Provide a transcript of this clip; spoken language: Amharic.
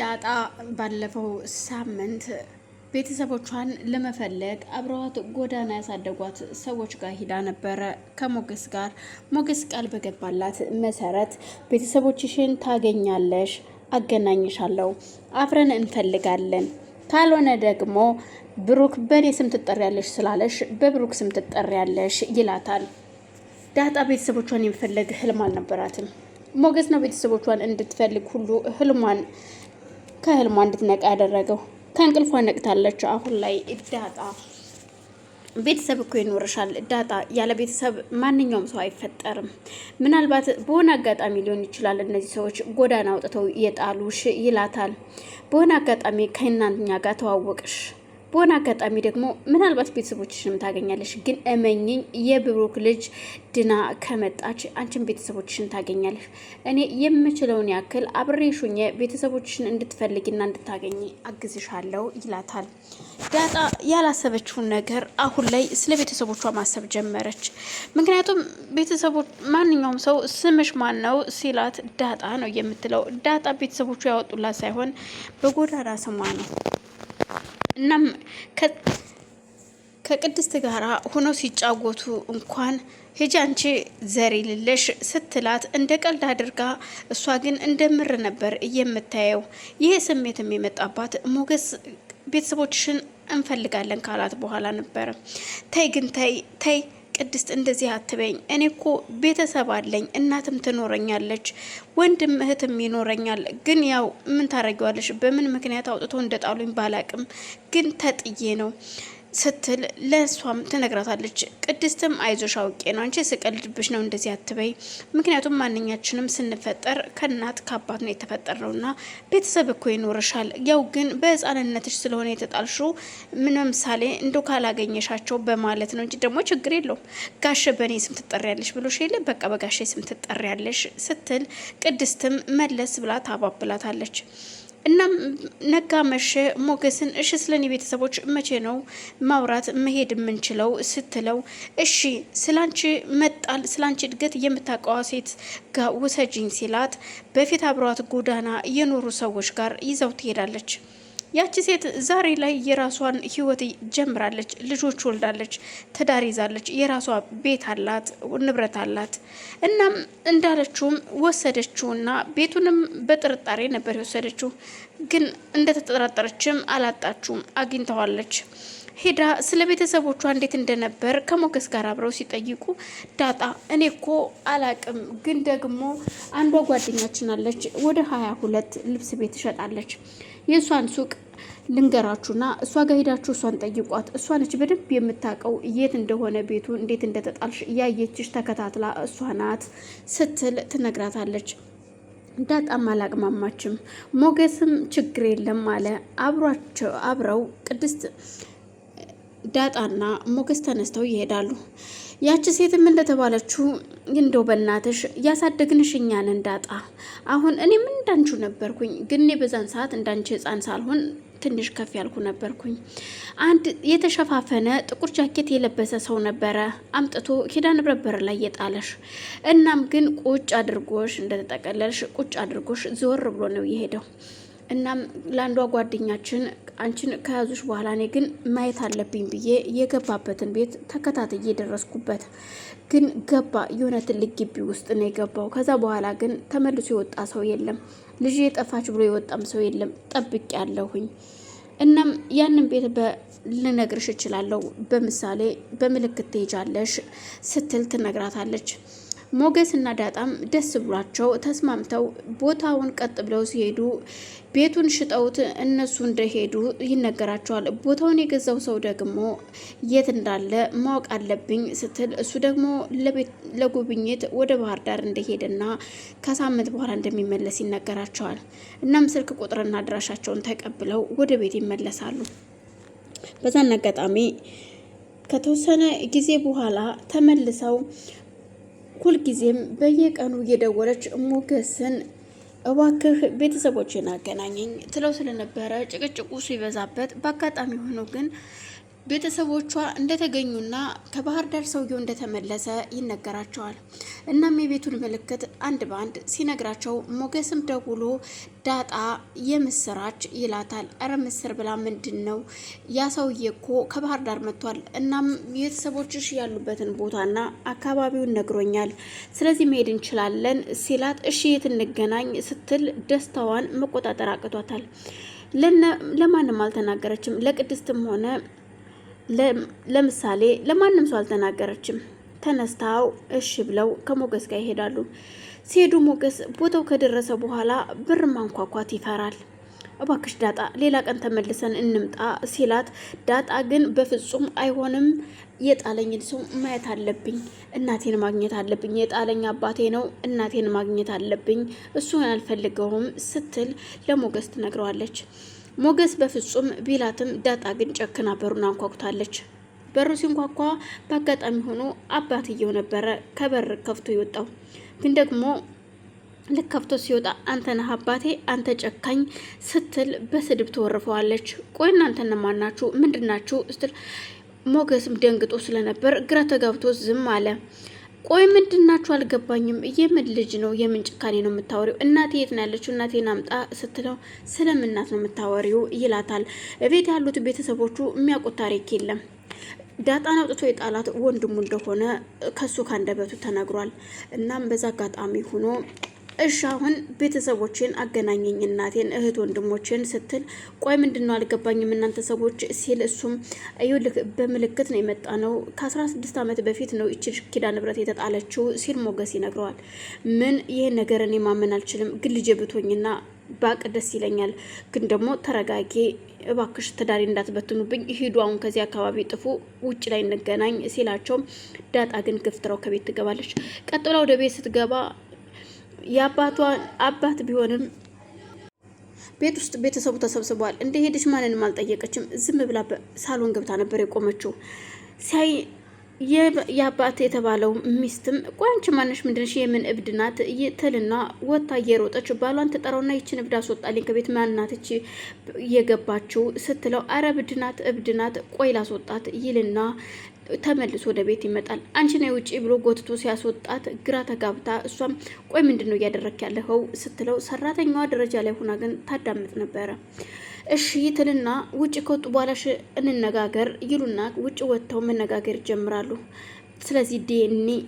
ዳጣ ባለፈው ሳምንት ቤተሰቦቿን ለመፈለግ አብረዋት ጎዳና ያሳደጓት ሰዎች ጋር ሂዳ ነበረ ከሞገስ ጋር። ሞገስ ቃል በገባላት መሰረት ቤተሰቦችሽን ታገኛለሽ፣ አገናኝሻለሁ፣ አብረን እንፈልጋለን፣ ካልሆነ ደግሞ ብሩክ በእኔ ስም ትጠሪያለሽ ስላለሽ በብሩክ ስም ትጠሪያለሽ ይላታል። ዳጣ ቤተሰቦቿን የመፈለግ ህልም አልነበራትም። ሞገስ ነው ቤተሰቦቿን እንድትፈልግ ሁሉ ህልሟን ከህልሟ እንድትነቃ ያደረገው። ከእንቅልፏ ነቅታለች። አሁን ላይ ዳጣ ቤተሰብ እኮ ይኖርሻል ዳጣ። ያለ ቤተሰብ ማንኛውም ሰው አይፈጠርም። ምናልባት በሆነ አጋጣሚ ሊሆን ይችላል እነዚህ ሰዎች ጎዳና አውጥተው የጣሉሽ ይላታል። በሆነ አጋጣሚ ከእናኛ ጋር ተዋወቅሽ በሆነ አጋጣሚ ደግሞ ምናልባት ቤተሰቦችሽንም ታገኛለሽ። ግን እመኝኝ የብሩክ ልጅ ድና ከመጣች አንቺን ቤተሰቦችሽን ታገኛለሽ። እኔ የምችለውን ያክል አብሬሹኝ ሆኜ ቤተሰቦችሽን እንድትፈልጊና እንድታገኝ አግዝሻለሁ ይላታል። ዳጣ ያላሰበችውን ነገር አሁን ላይ ስለ ቤተሰቦቿ ማሰብ ጀመረች። ምክንያቱም ቤተሰቦች ማንኛውም ሰው ስምሽ ማን ነው ሲላት ዳጣ ነው የምትለው። ዳጣ ቤተሰቦቹ ያወጡላት ሳይሆን በጎዳና ስሟ ነው። እናም ከቅድስት ጋር ሆኖ ሲጫወቱ እንኳን ሂጂ አንቺ ዘር የሌለሽ ስትላት እንደ ቀልድ አድርጋ እሷ ግን እንደምር ነበር የምታየው። ይህ ስሜት የሚመጣባት ሞገስ ቤተሰቦችሽን እንፈልጋለን ካላት በኋላ ነበረ። ተይ ግን ተይ ተይ ቅድስት እንደዚህ አትበኝ። እኔ እኮ ቤተሰብ አለኝ፣ እናትም ትኖረኛለች፣ ወንድም እህትም ይኖረኛል። ግን ያው ምን ታደረጊዋለሽ? በምን ምክንያት አውጥቶ እንደጣሉኝ ባላቅም ግን ተጥዬ ነው ስትል ለእሷም ትነግራታለች። ቅድስትም አይዞሽ አውቄ ነው አንቺ ስቀልድብሽ ነው እንደዚህ አትበይ። ምክንያቱም ማንኛችንም ስንፈጠር ከእናት ከአባት ነው የተፈጠርነው እና ቤተሰብ እኮ ይኖርሻል። ያው ግን በሕፃንነትሽ ስለሆነ የተጣልሹ ምን ምሳሌ ካላገኘሻቸው በማለት ነው እንጂ ደግሞ ችግር የለውም ጋሼ በእኔ ስም ትጠሪያለሽ ብሎሽ የለ በቃ በጋሼ ስም ትጠሪያለሽ ስትል ቅድስትም መለስ ብላ ታባብላታለች። እናም ነጋ መሸ ሞገስን እሺ ስለኔ ቤተሰቦች መቼ ነው ማውራት መሄድ የምንችለው ስትለው፣ እሺ ስላንቺ መጣል ስላንቺ እድገት የምታውቀዋ ሴት ጋር ውሰጂኝ ሲላት፣ በፊት አብሯት ጎዳና የኖሩ ሰዎች ጋር ይዘው ትሄዳለች። ያቺ ሴት ዛሬ ላይ የራሷን ህይወት ጀምራለች፣ ልጆች ወልዳለች፣ ትዳር ይዛለች፣ የራሷ ቤት አላት፣ ንብረት አላት። እናም እንዳለችውም ወሰደችውና ቤቱንም በጥርጣሬ ነበር የወሰደችው። ግን እንደተጠራጠረችም አላጣችውም፣ አግኝተዋለች። ሄዳ ስለ ቤተሰቦቿ እንዴት እንደነበር ከሞገስ ጋር አብረው ሲጠይቁ ዳጣ እኔ እኮ አላቅም፣ ግን ደግሞ አንዷ ጓደኛችን አለች ወደ ሀያ ሁለት ልብስ ቤት ትሸጣለች የእሷን ሱቅ ልንገራችሁና እሷ ጋር ሄዳችሁ እሷን ጠይቋት። እሷ ነች በደንብ የምታውቀው የት እንደሆነ ቤቱ እንዴት እንደተጣልሽ እያየችሽ ተከታትላ እሷ ናት ስትል ትነግራታለች። ዳጣም አላቅማማችም። ሞገስም ችግር የለም አለ አብሯቸው አብረው ቅድስት ዳጣና ሞገስ ተነስተው ይሄዳሉ። ያቺ ሴትም እንደተባለችው እንደው በእናትሽ ያሳደግንሽ እኛን ዳጣ፣ አሁን እኔም እንዳንቹ ነበርኩኝ፣ ግን እኔ በዛን ሰዓት እንዳንቺ ህፃን ሳልሆን ትንሽ ከፍ ያልኩ ነበርኩኝ። አንድ የተሸፋፈነ ጥቁር ጃኬት የለበሰ ሰው ነበረ አምጥቶ ኪዳነ ምሕረት በር ላይ የጣለሽ። እናም ግን ቁጭ አድርጎሽ እንደተጠቀለልሽ ቁጭ አድርጎሽ ዞር ብሎ ነው የሄደው። እናም ለአንዷ ጓደኛችን አንቺን ከያዙሽ በኋላ እኔ ግን ማየት አለብኝ ብዬ የገባበትን ቤት ተከታትዬ ደረስኩበት ግን ገባ የሆነ ትልቅ ግቢ ውስጥ ነው የገባው። ከዛ በኋላ ግን ተመልሶ የወጣ ሰው የለም። ልጅ የጠፋች ብሎ የወጣም ሰው የለም። ጠብቅ ያለሁኝ እናም ያንን ቤት ልነግርሽ እችላለሁ፣ በምሳሌ በምልክት ትሄጃለሽ ስትል ትነግራታለች። ሞገስ እና ዳጣም ደስ ብሏቸው ተስማምተው ቦታውን ቀጥ ብለው ሲሄዱ ቤቱን ሽጠውት እነሱ እንደሄዱ ይነገራቸዋል። ቦታውን የገዛው ሰው ደግሞ የት እንዳለ ማወቅ አለብኝ ስትል እሱ ደግሞ ለጉብኝት ወደ ባህር ዳር እንደሄደና ከሳምንት በኋላ እንደሚመለስ ይነገራቸዋል። እናም ስልክ ቁጥርና አድራሻቸውን ተቀብለው ወደ ቤት ይመለሳሉ። በዛን አጋጣሚ ከተወሰነ ጊዜ በኋላ ተመልሰው ሁልጊዜም በየቀኑ እየደወለች ሞገስን እባክህ ቤተሰቦችን አገናኘኝ ትለው ስለነበረ ጭቅጭቁ ሲበዛበት በአጋጣሚ ሆኖ ግን ቤተሰቦቿ እንደተገኙና ከባህር ዳር ሰውየው እንደተመለሰ ይነገራቸዋል። እናም የቤቱን ምልክት አንድ በአንድ ሲነግራቸው ሞገስም ደውሎ ዳጣ የምስራች ይላታል። እረ ምስር ብላ ምንድን ነው ያ ሰውዬ እኮ ከባህር ዳር መጥቷል። እናም ቤተሰቦችሽ ያሉበትን ቦታና አካባቢውን ነግሮኛል። ስለዚህ መሄድ እንችላለን ሲላት እሺ የት እንገናኝ ስትል ደስታዋን መቆጣጠር አቅቷታል። ለማንም አልተናገረችም። ለቅድስትም ሆነ ለምሳሌ ለማንም ሰው አልተናገረችም። ተነስተው እሺ ብለው ከሞገስ ጋር ይሄዳሉ። ሲሄዱ ሞገስ ቦታው ከደረሰ በኋላ በር ማንኳኳት ይፈራል። እባክሽ ዳጣ ሌላ ቀን ተመልሰን እንምጣ ሲላት፣ ዳጣ ግን በፍጹም አይሆንም፣ የጣለኝን ሰው ማየት አለብኝ፣ እናቴን ማግኘት አለብኝ፣ የጣለኝ አባቴ ነው፣ እናቴን ማግኘት አለብኝ፣ እሱን አልፈልገውም ስትል ለሞገስ ትነግረዋለች። ሞገስ በፍጹም ቢላትም ዳጣ ግን ጨክና በሩን አንኳኩታለች። በሩ ሲንኳኳ በአጋጣሚ ሆኖ አባትየው ነበረ ከበር ከፍቶ የወጣው። ግን ደግሞ ልክ ከፍቶ ሲወጣ አንተ ነህ አባቴ፣ አንተ ጨካኝ ስትል በስድብ ትወርፈዋለች። ቆይ እናንተ እነማን ምንድናችሁ? ስትል ሞገስም ደንግጦ ስለነበር ግራ ተጋብቶ ዝም አለ። ቆይ ምንድናችሁ? አልገባኝም። የምን ልጅ ነው? የምን ጭካኔ ነው የምታወሪው? እናቴ የት ነው ያለችው? እናቴን አምጣ ስትለው ስለምን እናት ነው የምታወሪው ይላታል። ቤት ያሉት ቤተሰቦቹ የሚያውቁት ታሪክ የለም። ዳጣን አውጥቶ የጣላት ወንድሙ እንደሆነ ከሱ ካንደበቱ ተነግሯል። እናም በዛ አጋጣሚ ሆኖ እሺ አሁን ቤተሰቦችን አገናኘኝ እናቴን እህት ወንድሞችን ስትል ቆይ ምንድን ነው አልገባኝም እናንተ ሰዎች ሲል እሱም ይኸውልህ በምልክት ነው የመጣ ነው ከአስራ ስድስት ዓመት በፊት ነው ይቺ ኪዳ ንብረት የተጣለችው ሲል ሞገስ ይነግረዋል። ምን ይህን ነገር እኔ ማመን አልችልም፣ ግን ልጄ ብቶኝና ባቅ ደስ ይለኛል። ግን ደግሞ ተረጋጌ እባክሽ ትዳሪ እንዳትበትኑብኝ ሂዱ፣ አሁን ከዚህ አካባቢ ጥፉ፣ ውጭ ላይ እንገናኝ ሲላቸው ዳጣ ግን ገፍትራው ከቤት ትገባለች። ቀጥ ብላ ወደ ቤት ስትገባ የአባቷ አባት ቢሆንም ቤት ውስጥ ቤተሰቡ ተሰብስቧል። እንደ ሄደች ማንንም አልጠየቀችም። ዝም ብላ ሳሎን ገብታ ነበር የቆመችው። ሲያይ የአባት የተባለው ሚስትም ቆይ አንቺ ማነሽ? ምንድነሽ? የምን እብድ ናት? ትልና ወታ እየሮጠች ባሏን ትጠራውና ይችን እብድ አስወጣልኝ ከቤት ማናትች የገባችው ስትለው፣ አረ እብድ ናት፣ እብድ ናት፣ ቆይ ላስወጣት ይልና ተመልሶ ወደ ቤት ይመጣል። አንቺ ነይ ውጪ ብሎ ጎትቶ ሲያስወጣት ግራ ተጋብታ እሷም ቆይ ምንድን ነው እያደረክ ያለኸው ስትለው ሰራተኛዋ ደረጃ ላይ ሆና ግን ታዳምጥ ነበረ። እሺ ትልና ውጭ ከወጡ በኋላ እንነጋገር ይሉና ውጭ ወጥተው መነጋገር ይጀምራሉ። ስለዚህ ዲኤንኤ